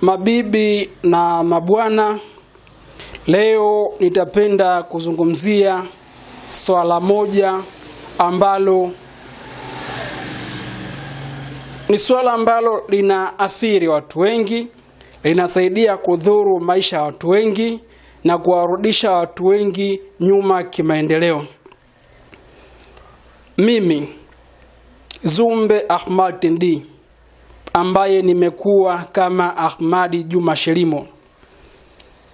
Mabibi na mabwana, leo nitapenda kuzungumzia swala moja ambalo ni swala ambalo linaathiri watu wengi, linasaidia kudhuru maisha ya watu wengi na kuwarudisha watu wengi nyuma kimaendeleo. Mimi Zumbe Ahmad Tindi ambaye nimekuwa kama Ahmadi Juma Shelimo.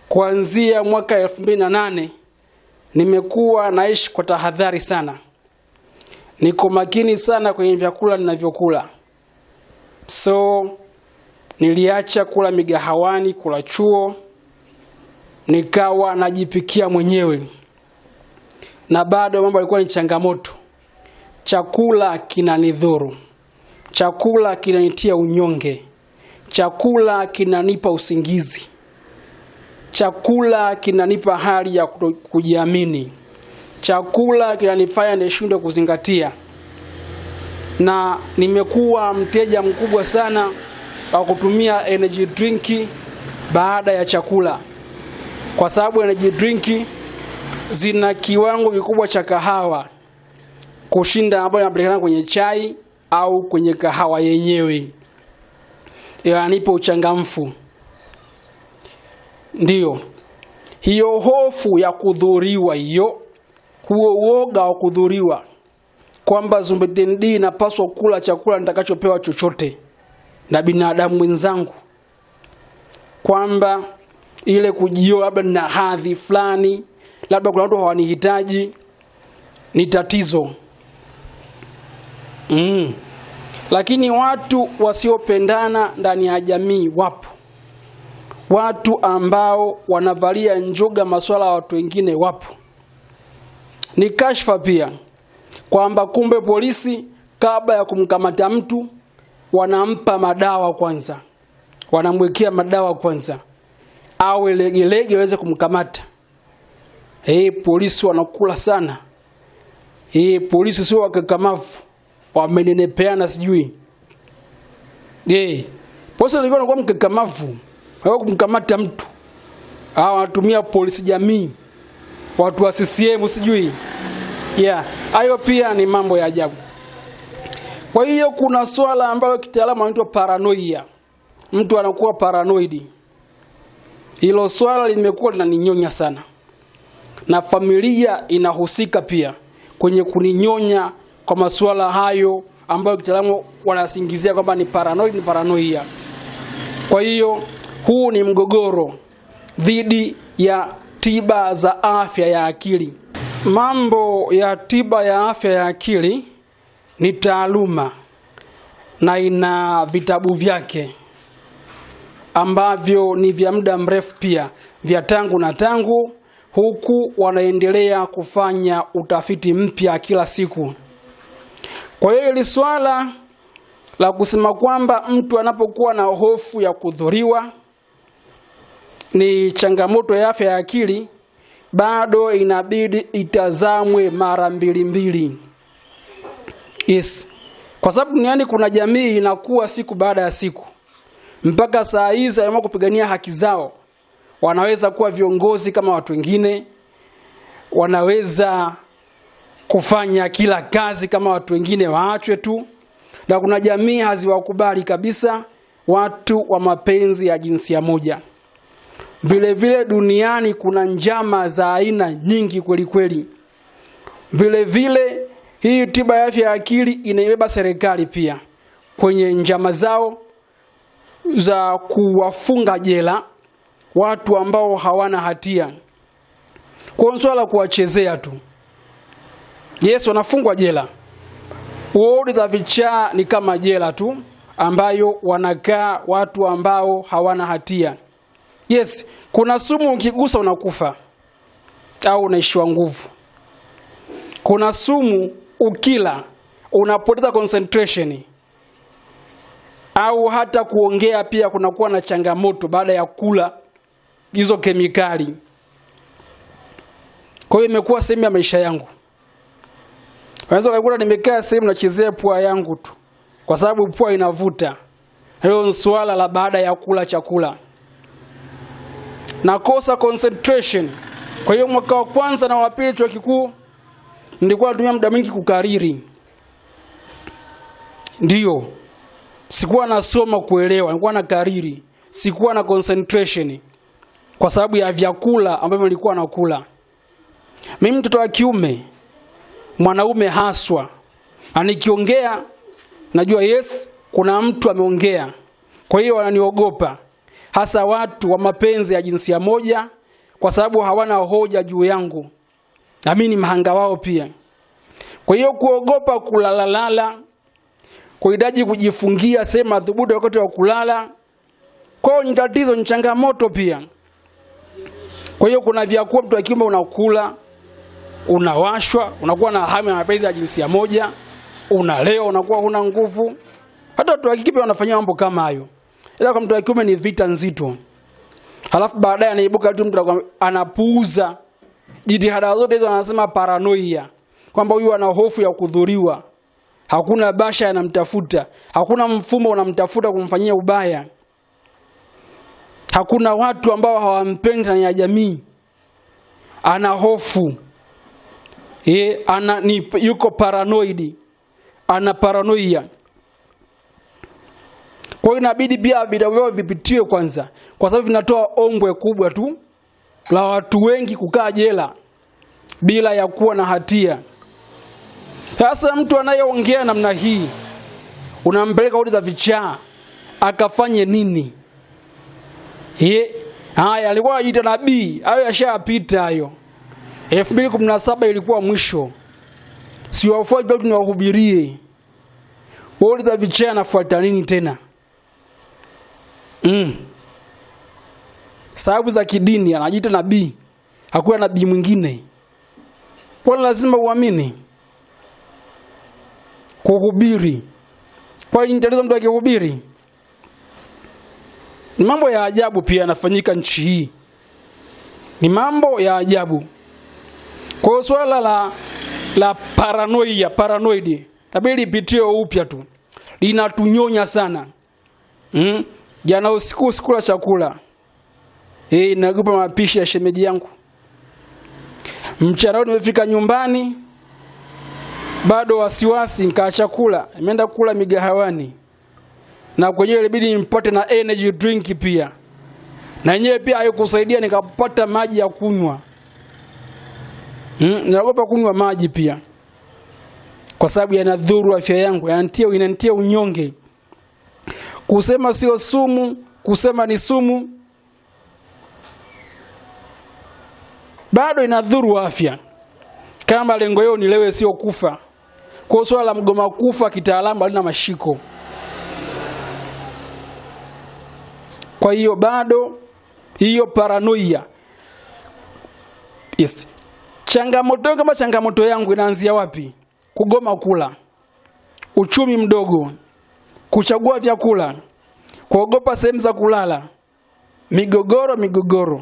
Kuanzia mwaka 2008 nimekuwa naishi kwa tahadhari sana, niko makini sana kwenye vyakula ninavyokula, so niliacha kula migahawani, kula chuo, nikawa najipikia mwenyewe, na bado mambo yalikuwa ni changamoto, chakula kinanidhuru. Chakula kinanitia unyonge, chakula kinanipa usingizi, chakula kinanipa hali ya kujiamini, chakula kinanifanya nishindwe kuzingatia, na nimekuwa mteja mkubwa sana wa kutumia energy drink baada ya chakula, kwa sababu energy drink zina kiwango kikubwa cha kahawa kushinda ambayo inapatikana kwenye chai au kwenye kahawa yenyewe anipo uchangamfu ndiyo hiyo hofu ya kudhuriwa hiyo huo uoga wa kudhuriwa kwamba zumbetendii inapaswa kula chakula nitakachopewa chochote na binadamu mwenzangu kwamba ile kujio labda nina hadhi fulani labda kuna watu hawanihitaji ni tatizo mm. Lakini watu wasiopendana ndani ya jamii wapo, watu ambao wanavalia njuga masuala ya watu wengine wapo. Ni kashfa pia kwamba kumbe polisi kabla ya kumkamata mtu wanampa madawa kwanza, wanamwekea madawa kwanza, awe legelege aweze kumkamata. Hii polisi wanakula sana, hii polisi sio wakakamavu wamenenepeana sijui eh Posa walikuwa wanakuwa mkakamavu hawa kumkamata mtu hawa wanatumia polisi jamii watu wa CCM sijui yeah hayo pia ni mambo ya ajabu kwa hiyo kuna swala ambalo kitaalamu anaitwa paranoia mtu anakuwa paranoid. hilo swala limekuwa linaninyonya sana na familia inahusika pia kwenye kuninyonya kwa masuala hayo ambayo kitaalamu wanasingizia kwamba ni paranoid, ni paranoia. Kwa hiyo huu ni mgogoro dhidi ya tiba za afya ya akili. Mambo ya tiba ya afya ya akili ni taaluma na ina vitabu vyake ambavyo ni vya muda mrefu pia vya tangu na tangu, huku wanaendelea kufanya utafiti mpya kila siku. Kwa hiyo ile swala la kusema kwamba mtu anapokuwa na hofu ya kudhuriwa ni changamoto ya afya ya akili, bado inabidi itazamwe mara mbili mbili. Yes. Kwa sababu duniani kuna jamii inakuwa siku baada ya siku, mpaka saa hizi ameamua kupigania haki zao. Wanaweza kuwa viongozi kama watu wengine, wanaweza kufanya kila kazi kama watu wengine, waachwe tu, na kuna jamii haziwakubali kabisa watu wa mapenzi ya jinsia moja. Vile vile duniani kuna njama za aina nyingi kweli kweli. Vile vile hii tiba ya afya ya akili inaibeba serikali pia kwenye njama zao za kuwafunga jela watu ambao hawana hatia. Kwa swala kuwachezea tu. Yesu anafungwa jela. Wodi za vichaa ni kama jela tu ambayo wanakaa watu ambao hawana hatia. Yes, kuna sumu ukigusa unakufa au unaishiwa nguvu. Kuna sumu ukila unapoteza concentration au hata kuongea pia kunakuwa na changamoto baada ya kula hizo kemikali. Kwa hiyo imekuwa sehemu ya maisha yangu. Unaweza ukakuta nimekaa sehemu nachezea pua yangu tu, kwa sababu pua inavuta. Hilo ni swala la baada ya kula chakula, nakosa concentration. Kwa hiyo mwaka wa kwanza na wa pili chuo kikuu nilikuwa natumia muda mwingi kukariri, ndio sikuwa nasoma kuelewa, nilikuwa na kariri, sikuwa na concentration kwa sababu ya vyakula ambavyo nilikuwa nakula. Mimi mtoto wa kiume mwanaume haswa, anikiongea najua yes, kuna mtu ameongea, kwa hiyo wananiogopa, hasa watu wa mapenzi ya jinsia moja, kwa sababu hawana hoja juu yangu, na mimi ni mhanga wao pia. Kwa hiyo kuogopa kulalalala, kuhitaji kujifungia sehemu madhubuti wakati wa kulala, kwao ni tatizo, ni changamoto pia. Kwa hiyo kuna vyakula mtu wa unakula unawashwa, unakuwa na hamu ya mapenzi ya jinsia moja, unalewa, unakuwa una nguvu. Hata watu wa kike pia wanafanyia mambo kama hayo, ila kwa mtu wa kiume ni vita nzito. Halafu baadaye anaibuka tu mtu anapuuza jitihada zote hizo, anasema paranoia, kwamba huyu ana hofu ya kudhuriwa. Hakuna basha anamtafuta, hakuna mfumo unamtafuta kumfanyia ubaya, hakuna watu ambao hawampendi ndani ya jamii, ana hofu e, ana, ni, yuko paranoidi, ana paranoia. Kwa hiyo inabidi pia video vyao vipitiwe kwanza, kwa sababu vinatoa ombwe kubwa tu la watu wengi kukaa jela bila ya kuwa na hatia. Sasa mtu anayeongea namna hii unampeleka hodi za vichaa akafanye nini? Ye, haya alikuwa ajiita nabii, hayo yashapita hayo. 2017 ilikuwa mwisho, siwafue bado tunawahubirie woli za vichaa, nafuata nini tena? mm. sababu za kidini, anajiita nabii, hakuna nabii mwingine. Pole, lazima uamini kuhubiri. Kwa hiyo nitatizo mtu akihubiri. Ni mambo ya ajabu pia yanafanyika nchi hii, ni mambo ya ajabu. Kwa swala la, la paranoia paranoid tabidi lipitie upya tu, linatunyonya sana mm. Jana usiku sikula chakula e, eh, nagupa mapishi ya shemeji yangu. Mchana nimefika nyumbani bado wasiwasi, nikaa chakula, nimeenda kula migahawani na kwenyewe ilibidi nipate na energy drink pia, na yenyewe pia haikusaidia, nikapata maji ya kunywa mm, naogopa kunywa maji pia kwa sababu yanadhuru afya yangu, yanatia inanitia unyonge. Kusema sio sumu, kusema ni sumu, bado inadhuru afya, kama lengo yao ni lewe sio kufa. Kwa swala la mgoma kufa kitaalamu halina mashiko. Kwa hiyo bado hiyo paranoia yes. Changamoto kama changamoto yangu inaanzia wapi? Kugoma kula, uchumi mdogo, kuchagua vyakula, kuogopa sehemu za kulala, migogoro migogoro,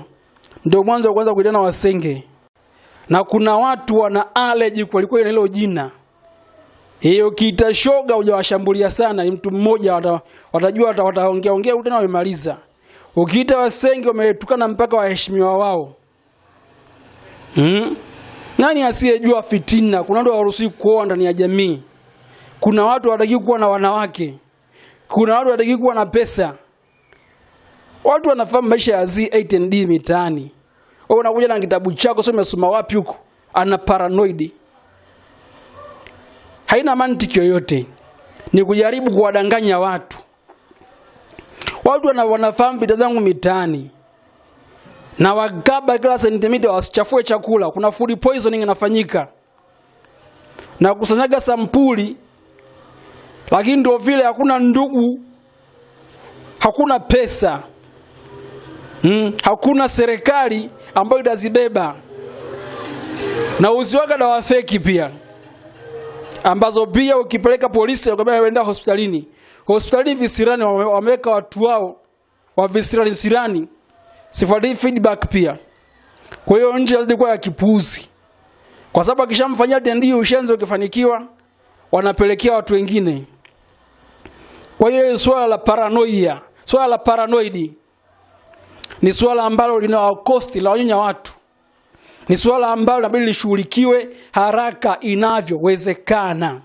ndio mwanzo wa kwanza kuitana wasenge, na kuna watu wana allergy liko ile hilo jina. Hiyo kiita shoga hujawashambulia sana, ni mtu mmoja wata, watajua wataongea ongea tena wamemaliza. Ukiita wasenge wametukana mpaka waheshimiwa wao mm. Nani asiyejua fitina? Kuna watu hawaruhusiwi kuoa ndani ya jamii, kuna watu hawataki kuwa na wanawake, kuna watu hawataki kuwa na pesa. Watu wanafahamu maisha ya Z, 8 and D mitaani. Wewe unakuja na kitabu chako, sio umesoma wapi huko? Ana paranoid, haina mantiki yoyote, ni kujaribu kuwadanganya watu. Watu wanafahamu vita zangu mitaani na wagaba kila sentimita, wasichafue chakula. Kuna food poisoning inafanyika na kusanyaga sampuli, lakini ndio vile hakuna ndugu, hakuna pesa mm, hakuna serikali ambayo itazibeba na uziwaga dawa feki pia ambazo pia ukipeleka polisi wakwambia waenda hospitalini hospitalini visirani wameweka watu wao wa visirani sirani sifuatii feedback pia. Kwa hiyo nchi azidi kuwa ya kipuuzi, kwa sababu akishamfanyia tendio ushenzi, ukifanikiwa wanapelekea watu wengine. Kwa hiyo swala la paranoia, swala la paranoidi ni swala ambalo linawakosti la wanyonya watu, ni swala ambalo inabidi lishughulikiwe haraka inavyowezekana,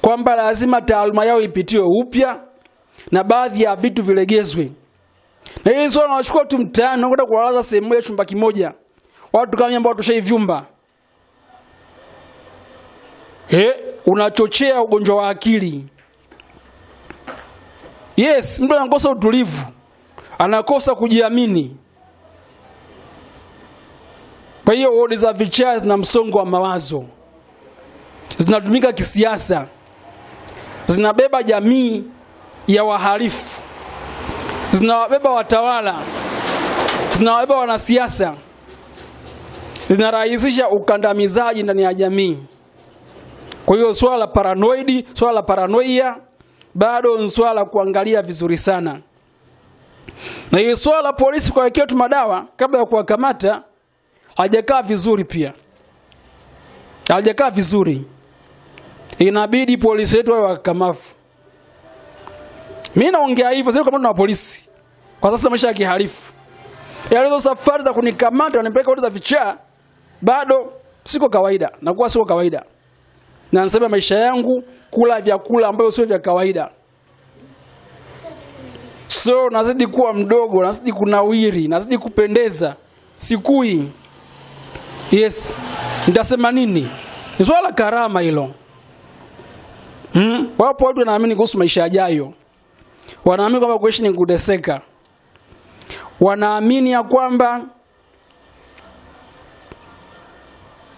kwamba lazima taaluma yao ipitiwe upya na baadhi ya vitu vilegezwe. Na hiyo sio nawachukua watu mtaani, kwenda kuwalaza sehemu moja, chumba kimoja, watu kama ambao watoshai vyumba. Eh, unachochea ugonjwa wa akili. Yes, mtu anakosa utulivu, anakosa kujiamini. Kwa hiyo wodi za vichaa zina msongo wa mawazo, zinatumika kisiasa, zinabeba jamii ya wahalifu zinawabeba watawala, zinawabeba wanasiasa, zinarahisisha ukandamizaji ndani ya jamii. Kwa hiyo swala la paranoid, swala la paranoia bado ni swala la kuangalia vizuri sana, na hiyo swala la polisi kuwawekea tu madawa kabla ya kuwakamata hajakaa vizuri, pia hajakaa vizuri. Inabidi polisi wetu wawe wakakamavu. Mimi naongea hivyo sio kama tuna polisi kwa sasa maisha ya kihalifu. Yaani hizo safari za kunikamata wanipeleka watu za vichaa bado siko kawaida, nakuwa siko kawaida. Na nasema maisha yangu kula vyakula ambavyo sio vya kawaida. So nazidi kuwa mdogo, nazidi kunawiri, nazidi kupendeza. Sikui. Yes. Nitasema nini? Ni swala karama hilo. Mm. Wapo watu wanaamini kuhusu maisha yajayo. Wanaamini kwamba kuishi ni kuteseka wanaamini ya kwamba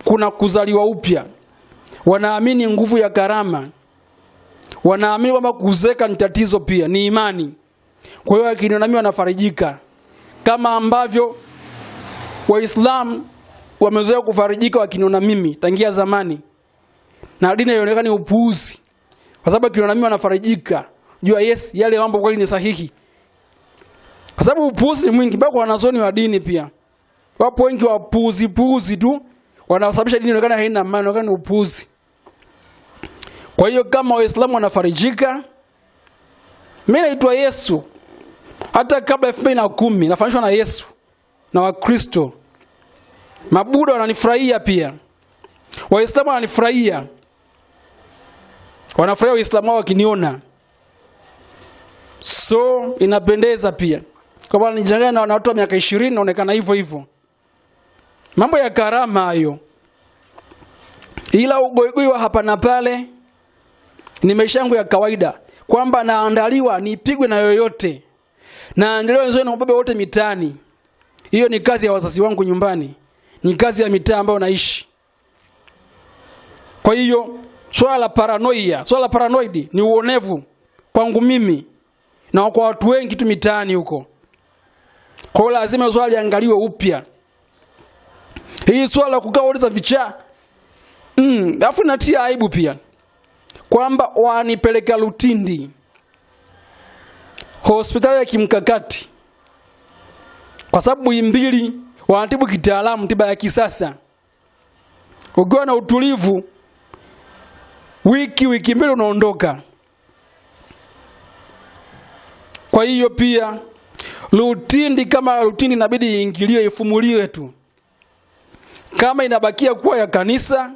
kuna kuzaliwa upya, wanaamini nguvu ya karama, wanaamini kwamba kuzeka ni tatizo pia, ni imani. Kwa hiyo akina nami wanafarijika kama ambavyo Waislamu wamezoea kufarijika wakiniona mimi tangia zamani, na dini haionekani upuuzi, kwa sababu akiniona mimi wanafarijika, jua yes, yale mambo kweli ni sahihi kwa sababu upuuzi ni mwingi mpaka wanazoni wa dini pia. Wapo wengi wapuuzi puuzi tu wanasababisha dini inaonekana haina maana, inaonekana ni upuuzi. Kwa hiyo kama Waislamu wanafarijika, mimi naitwa Yesu hata kabla elfu mbili na kumi nafanishwa na Yesu na Wakristo. Mabuda wananifurahia pia, Waislamu wananifurahia, wanafurahia Waislamu wao wakiniona, so inapendeza pia kwa kwamba Nigeria na watu wa miaka ishirini inaonekana hivyo hivyo, mambo ya karama hayo, ila ugoigoi wa hapa na pale ni maisha yangu ya kawaida, kwamba naandaliwa nipigwe na yoyote, naandaliwa nzoe na ubaba wote mitaani. Hiyo ni kazi ya wazazi wangu nyumbani, ni kazi ya mitaa ambayo naishi. Kwa hiyo swala la paranoia, swala la paranoidi ni uonevu kwangu mimi na kwa watu wengi tu mitaani huko. Kwa hiyo lazima hilo swala liangaliwe upya. Hii swala la kukaa uliza vichaa mm, alafu natia aibu pia kwamba wanipeleka Lutindi hospitali ya kimkakati kwa sababu Imbili wanatibu kitaalamu, tiba ya kisasa. Ukiwa na utulivu, wiki wiki mbili unaondoka. Kwa hiyo pia Lutindi kama Lutindi inabidi iingiliwe, ifumuliwe tu. Kama inabakia kuwa ya kanisa,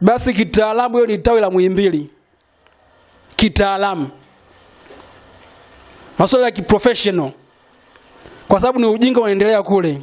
basi kitaalamu hiyo ni tawi la mwimbili kitaalamu, masuala ya kiprofessional, kwa sababu ni ujinga unaendelea kule.